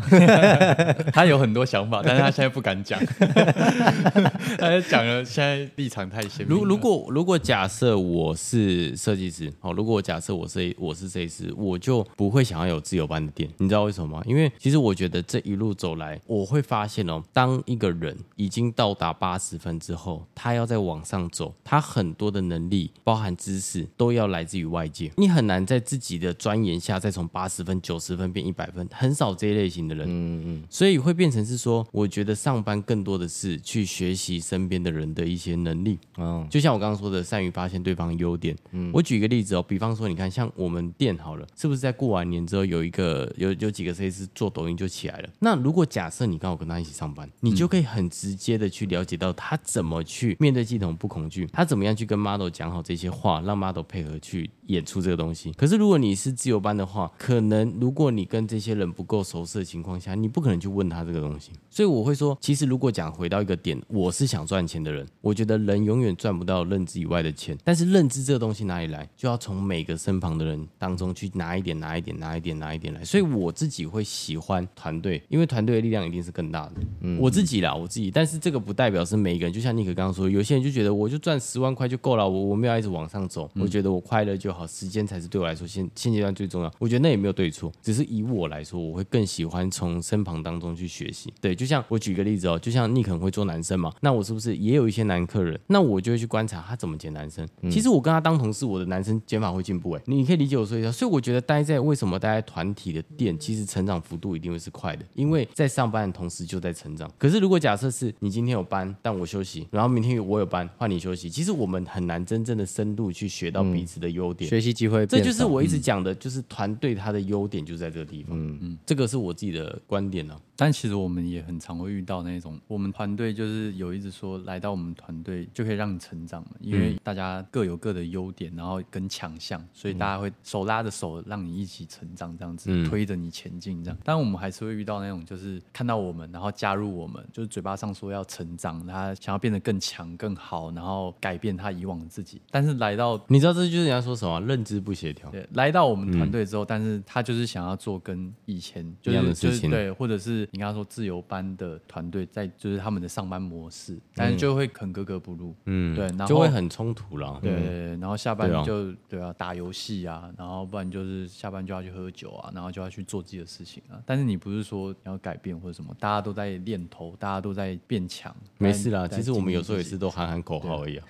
Speaker 2: [LAUGHS] 他有很多想法，但是他現在不敢講。
Speaker 1: [LAUGHS] 他講了，現在立場太鮮明。如如果，如果假設我是設計師，哦，如果我假設我是我是設計師，我就不會想要有自由班的店，你知道為什麼嗎？因為其實我覺得這一路走來，我會發現哦，當一個人已經到達八十分之後，他要再往上走，他很多的能力，包含知識，都要來自於外界，你很難在。在自己的鑽研下，再從八十分九十分變一百分，很少這一類型的人。嗯嗯，嗯所以會變成是說，我覺得上班更多的是去學習身邊的人的一些能力。嗯、哦，就像我剛剛說的，善於發現對方優點。嗯，我舉一個例子哦，比方說，你看，像我們店好了，是不是在過完年之後有一個有有幾個設計師做抖音就起來了？那如果假設你剛好跟他一起上班，你就可以很直接的去了解到他怎麼去面對系統不恐懼，嗯、他怎麼樣去跟 model 講好這些話，讓 model 配合去。演出這個東西，可是如果你是自由班的話，可能如果你跟這些人不夠熟悉的情況下，你不可能去問他這個東西。所以我會說，其實如果講回到一個點，我是想賺錢的人，我覺得人永遠賺不到認知以外的錢。但是認知這個東西哪裡來，就要從每個身旁的人當中去拿一點、拿一點、拿一點、拿一點、拿一點來。所以我自己會喜歡團隊，因為團隊的力量一定是更大的。嗯，我自己啦，我自己，但是這個不代表是每一個人。就像尼克剛剛說，有些人就覺得我就賺十萬塊就夠了，我我沒有要一直往上走，嗯，我覺得我快樂就好。好，時間才是對我來說現現階段最重要。我覺得那也沒有對錯，只是以我來說，我會更喜歡從身旁當中去學習。對，就像我舉個例子哦，就像你可能會做男生嘛，那我是不是也有一些男客人？那我就會去觀察他、啊、怎麼剪男生。其實我跟他當同事，我的男生剪法會進步哎。你可以理解我說一下。所以我覺得待在為什麼待在團體的店，其實成長幅度一定會是快的，因為在上班的同時就在成長。可是如果假設是你今天有班，但我休息，然後明天我有班換你休息，其實我們很難真正的深度去學到彼此的優點。嗯學習機會，這就是我一直講的，嗯、就是團隊它的優點就在這個地方。嗯嗯，嗯，這個是我自己的觀點呢、啊。但其實我們也很常會遇到那種，我們團隊就是有一直說，來到我們團隊就可以讓你成長嘛，因為大家各有各的優點，然後跟強項，所以大家會手拉着手讓你一起成長，這樣子、嗯、推着你前進這樣。但我們還是會遇到那種，就是看到我們，然後加入我們，就是嘴巴上說要成長，他想要變得更強更好，然後改變他以往的自己。但是來到，你知道這就是人家說什麼、啊？認知不協調，對，來到我們團隊之後，但是他就是想要做跟以前一樣的事情，對，或者是你剛剛說自由班的團隊在就是他們的上班模式，但是就會很格格不入，嗯，對，然後就會很衝突了，對，然後下班就對啊打遊戲啊，然後不然就是下班就要去喝酒啊，然後就要去做自己的事情啊，但是你不是說要改變或者什麼，大家都在練頭，大家都在變強，沒事啦，其實我們有時候也是都喊喊口號而已啊，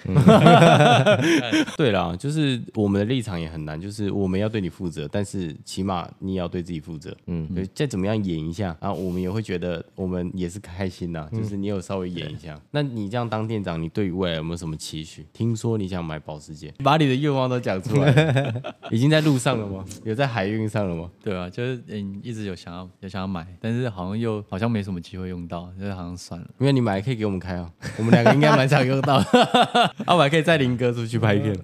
Speaker 1: 對啦，就是我們的。立場也很難，就是我們要對你負責，但是起碼你也要對自己負責。嗯，再怎麼樣演一下，然後我們也會覺得我們也是開心吶、啊。嗯、就是你有稍微演一下，對那你這樣當店長，你對於未來有沒有什麼期許？聽說你想買保時捷，把你的願望都講出來。 [LAUGHS] 已經在路上了嗎？ [LAUGHS] 有在海運上了嗎？對啊，就是嗯，欸、一直有想要有想要買，但是好像又好像沒什麼機會用到，就是好像算了。因為你買可以給我們開啊，我們兩個應該蠻想用到的、 [LAUGHS] [LAUGHS] 啊，我還可以載林哥出去拍一片。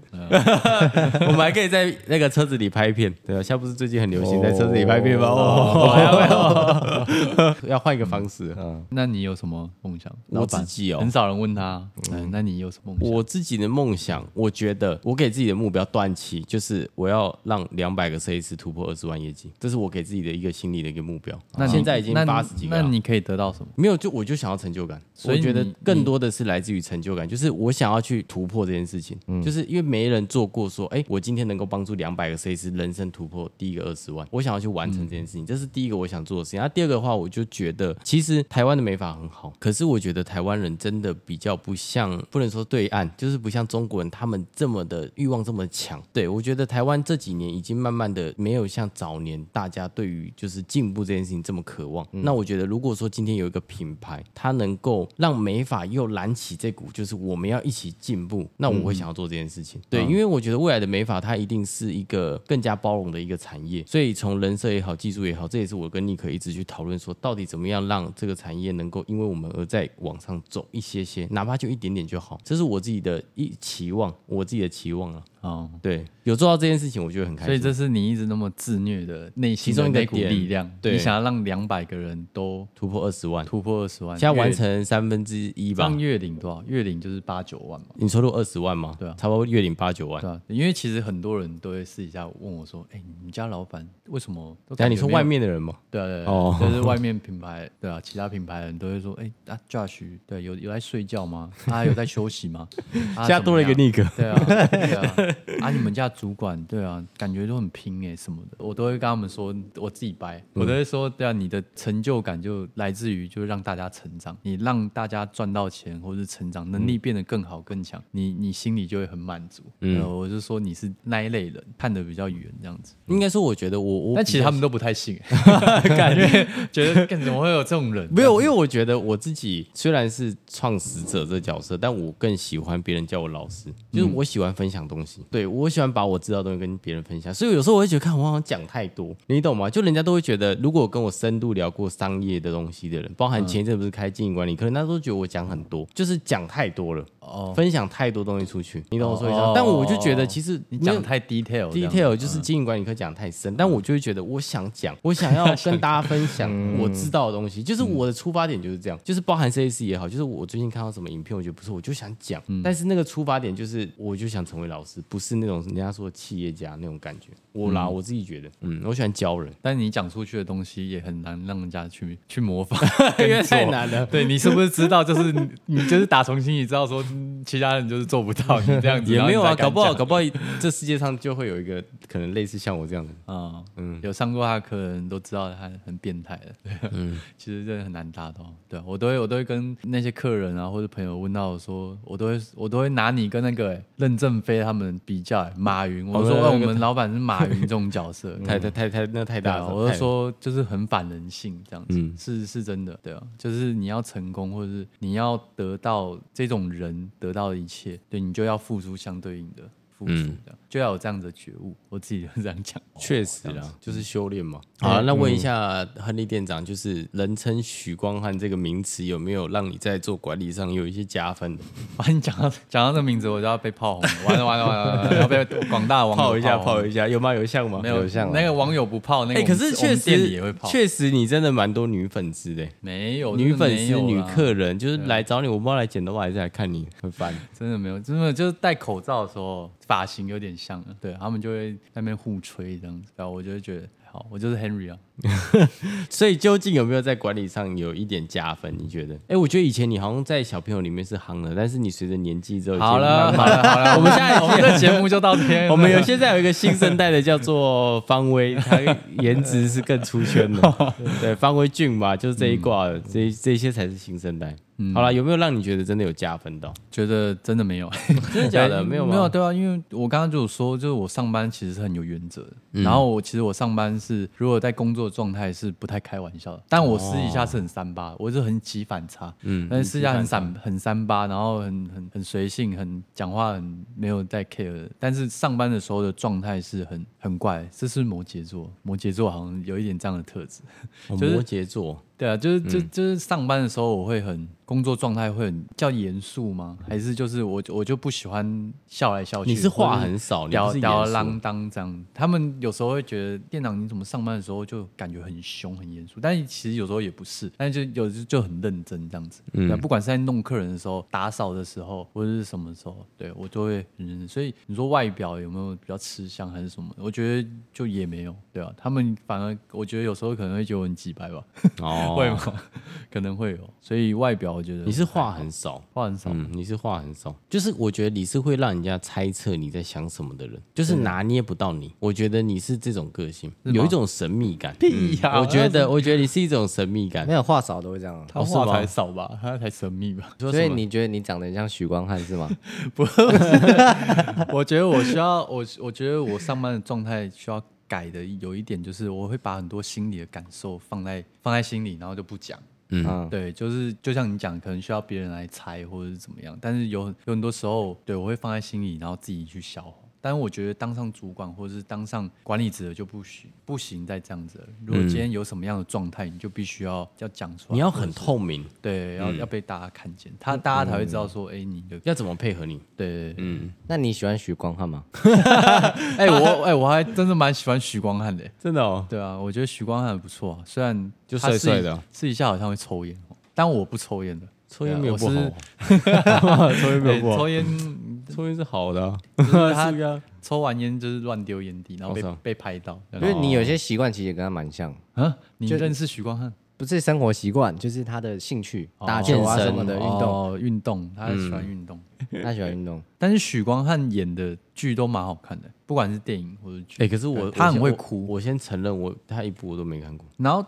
Speaker 1: 我 [LAUGHS] [LAUGHS] 還可以在那個車子裡拍片，對啊，現在不是最近很流行在車子裡拍片嗎？要要？要換一個方式嗯。那你有什麼夢想？我自己哦，很少人問他。嗯，那你有什麼夢想？我自己的夢想，我覺得我給自己的目標短期就是我要讓兩百個設計師突破二十萬業績，這是我給自己的一個心理的一個目標。那現在已經八十幾萬，那你可以得到什麼？沒有，就我就想要成就感，所以覺得更多的是來自於成就感，就是我想要去突破這件事情，就是因為沒人做過，說哎我。今天能夠幫助兩百個設計師人生突破第一個二十萬，我想要去完成這件事情，嗯、這是第一個我想做的事情。那、啊、第二個的話，我就覺得其實台灣的美髮很好，可是我覺得台灣人真的比較不像，不能說對岸，就是不像中國人，他們這麼的慾望這麼強。對，我覺得台灣這幾年已經慢慢的沒有像早年大家對於就是進步這件事情這麼渴望。嗯、那我覺得如果說今天有一個品牌，它能夠讓美髮又燃起這股，就是我們要一起進步，那我會想要做這件事情。嗯、對，因為我覺得未來的美髮。它一定是一個更加包容的一個產業，所以從人設也好、技術也好，這也是我跟尼克一直去討論說，到底怎麼樣讓這個產業能夠因為我們而再往上走一些些，哪怕就一點點就好，這是我自己的一期望，我自己的期望啊。哦，oh, 對，有做到這件事情，我覺得很開心。所以這是你一直那麼自虐的內心中的一股力量。對，你想要讓兩百個人都突破二十萬，突破二十萬，現在完成三分之一吧。月領多少？月領就是八九萬嘛。你收入二十萬嗎？對啊，差不多月領八九萬。對啊，因為其實很多人都會私底下問我說：“哎、欸，你們家老板為什麼？”那你說外面的人嗎？對啊，對啊，oh. 就是外面品牌，對啊，其他品牌的人都會說：“哎、欸，啊，Josh，對，有有在睡覺嗎？他、啊、有在休息嗎？現、啊、在 [LAUGHS] 多了一個 Nick。對啊”對啊，對啊。 [LAUGHS] 啊，你們家主管對啊，感覺都很拼哎，什麼的，我都會跟他們說，我自己掰，我都會說，對啊，你的成就感就來自於就讓大家成長，你讓大家賺到錢或是成長，能力變得更好更強，你你心裡就會很滿足。嗯，然後我就說你是那一類人，看得比較遠這樣子。嗯、應該說，我覺得我我，但其實他們都不太信， [LAUGHS] [LAUGHS] 感覺覺得怎麼會有這種人？ [LAUGHS] 是沒有，因為我覺得我自己雖然是創始者這個角色，但我更喜歡別人叫我老師，就是我喜歡分享東西。對，我喜歡把我知道的東西跟別人分享，所以有時候我會覺得，看我好像講太多，你懂嗎？就人家都會覺得，如果跟我深度聊過商業的東西的人，包含前一陣不是開經營管理，嗯、可能大家都覺得我講很多，就是講太多了。哦，分享太多東西出去，你懂我說意思？但我就覺得其實你講得太 detail，detail 就是經營管理課講得太深。但我就會覺得，我想講，我想要跟大家分享我知道的東西，就是我的出發點就是這樣，就是包含 CAC 也好，就是我最近看到什麼影片，我覺得不錯，我就想講。但是那個出發點就是，我就想成為老師，不是那種人家說企業家那種感覺。我啦，我自己覺得，嗯，我喜歡教人。但你講出去的東西也很難讓人家去去模仿，因為太難了。對，你是不是知道？就是你就是打從心裡知道說。其他人就是做不到你這樣子，也 [LAUGHS] 沒有啊，搞不好，搞不好這世界上就會有一個可能類似像我這樣的啊，哦、嗯，有上過他的客人都知道他很變態的，對。嗯，其實真的很難達到。對，我都會我都會跟那些客人啊或者朋友問到我說，我都會我都會拿你跟那個、欸、任正非他們比較、欸，馬雲，我說、哦欸、我們老闆是馬雲這種角色， [LAUGHS] 太太太太那個、太大了，我就說就是很反人性這樣子，嗯、是是真的，對啊，就是你要成功或者是你要得到這種人。得到的一切，對，你就要付出相對應的付出，這樣。嗯就要有這樣的覺悟，我自己就這樣講。確實啊，就是修煉嘛。好，那問一下亨利店長，就是人稱許光漢這個名詞有沒有讓你在做管理上有一些加分？啊，你講到講到這名字，我就要被炮轟了。完了完了完了，要被廣大網友炮一下炮一下，有嗎？有像嗎？沒有像。那個網友不炮，那個。哎，可是確實也會炮。確實，你真的蠻多女粉絲的。沒有女粉絲、女客人，就是來找你，我不知道來剪頭髮還是來看你，很煩。真的沒有，真的就是戴口罩的時候，髮型有點像。想對他們就會在那邊互吹這樣子，然後、啊、我就會覺得好，我就是 Henry 啊。 [LAUGHS] 所以究竟有沒有在管理上有一點加分？你覺得？哎、欸,我覺得以前你好像在小朋友裡面是夯的，但是你隨着年紀之後慢慢，好了，好了，好了， [LAUGHS] 我們現在我們的節目就到這邊。 [LAUGHS] 吧我們有現在有一個新生代的，叫做方威，他顏值是更出圈的。 [LAUGHS] 對，對，方威俊吧，就是這一掛、嗯，這這些才是新生代。嗯、好了，有沒有讓你覺得真的有加分到？覺得真的沒有， [LAUGHS] 真的假的？沒有沒有，對啊，因為我剛剛就有說，就是我上班其實是很有原則的，嗯、然後我其實我上班是如果在工作。狀態是不太開玩笑的，但我私底下是很三八，哦、我是很極反差，嗯，但是私下很散，嗯、很三八，然後很很很隨性，很講話很沒有帶 care 的，但是上班的時候的狀態是很很怪，這是摩羯座，摩羯座好像有一點這樣的特質，摩羯座。對啊，就是就就是上班的時候，我會很工作狀態會很較嚴肅嗎？還是就是我我就不喜歡笑來笑去？你是話很少，吊你是吊兒郎當這樣。他們有時候會覺得店長你怎麼上班的時候就感覺很凶很嚴肅，但其實有時候也不是，但是就有時就就很認真這樣子。嗯、啊，不管是在弄客人的時候、打掃的時候或者是什麼時候，對我都會很認真。所以你說外表有沒有比較吃香還是什麼？我覺得就也沒有，對啊，他們反而我覺得有時候可能會覺得我很直白吧。哦。會嗎？可能會有，所以外表我覺得我還好。你是話很少，話很少。嗯，你是話很少，就是我覺得你是會讓人家猜測你在想什麼的人，就是拿捏不到你。對我覺得你是這種個性，嗎有一種神秘感。屁呀、嗯！我覺得，呀我覺得你是一種神秘感。沒有，話少都會這樣，他話才
Speaker 2: 少吧，
Speaker 1: 他才神秘吧。所以你覺得你長得很像許光漢是嗎？ [LAUGHS] 不是， [LAUGHS] 我覺得我需要我，我覺得我上班的狀態需要。改的有一點就是，我會把很多心裡的感受放在放在心裡，然後就不講。嗯，對，就是就像你講，可能需要別人來猜或者是怎麼樣，但是有有很多時候，對，我會放在心裡，然後自己去消化。但是我覺得當上主管或者是當上管理者就不行。不行再這樣子了。如果今天有什麼樣的狀態，嗯、你就必須要要講出來。你要很透明，對，要、嗯、要被大家看見，他大家才會知道說，哎、欸，你、這個、要怎麼配合你？對,對,對嗯。那你喜歡許光漢嗎？哎、 [LAUGHS] 欸，我哎、欸，我還真的蠻喜歡許光漢的、欸，真的哦。對啊，我覺得許光漢不錯啊，雖然他是就帥帥的，私底下好像會抽烟，但我不抽煙的，抽煙沒有不好， [LAUGHS] 抽煙沒有不好，欸、抽煙。抽煙是好的，他抽完煙就是亂丟煙蒂，然後被拍到。因為你有些
Speaker 2: 習慣其實也跟他蠻像啊。你認識許光漢？不是生活習慣，就是他的興趣，打球啊、健身什麼的運動。運動，他很喜歡運動，他喜歡運動。但
Speaker 1: 是許光漢演的劇都蠻好看的，不管是電影或者劇。哎，可是我他很會哭。我先承認，我他一部我都沒看過。然後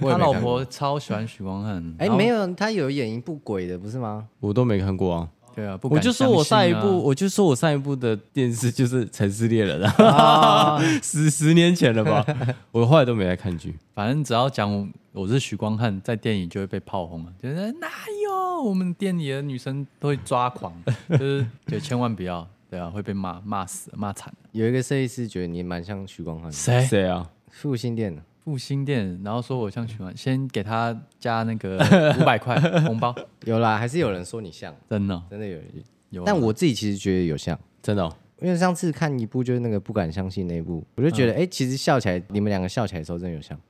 Speaker 1: 他老婆超喜歡許光漢。哎，沒
Speaker 2: 有，他有演一部鬼的，不是嗎？
Speaker 1: 我都沒看過啊。對啊，不啊我就說我上一部，我就說我上一部的電視就是陳列《城市獵人》了，十十年前了吧？ [LAUGHS] 我後來都沒來看劇。反正只要講我是許光漢，在電影就會被炮轟啊，就是哪有，我們店裡的女生都會抓狂，就是就千萬不要對啊，會被罵罵
Speaker 2: 死罵慘。有一個設計師覺得你蠻像許光漢，誰誰啊？復興店
Speaker 1: 的。復興店，然後說我像許光漢，先給他加那個五百塊紅包。有啦，
Speaker 2: 還是有人說你像，真的，真的有有。但我自己其實覺得有像，真的。因為上次看一部就是那個不敢相信那部，我就覺得哎，其實笑起來你們兩個笑起來的時候真的有像，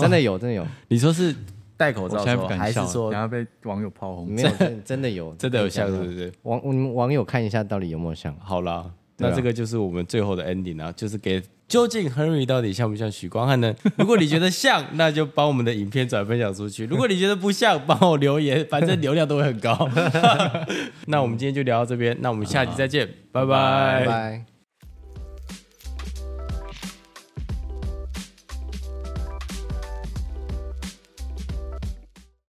Speaker 2: 真的有真的有。你說是戴口罩還是說然後被網友砲轟？沒有，真的有，真的有像，是不是，網網友看一下到底有沒有像。好了，
Speaker 1: 那這個就是我們最後的 ending 啦，就是給。究竟 Henry 到底像不像許光漢呢？如果你覺得像，那就把我們的影片轉分享出去；如果你覺得不像，幫我留言，反正流量都會很高。 [LAUGHS] [LAUGHS] 那我們今天就聊到這邊，那我們下期再見，啊、拜拜。拜拜。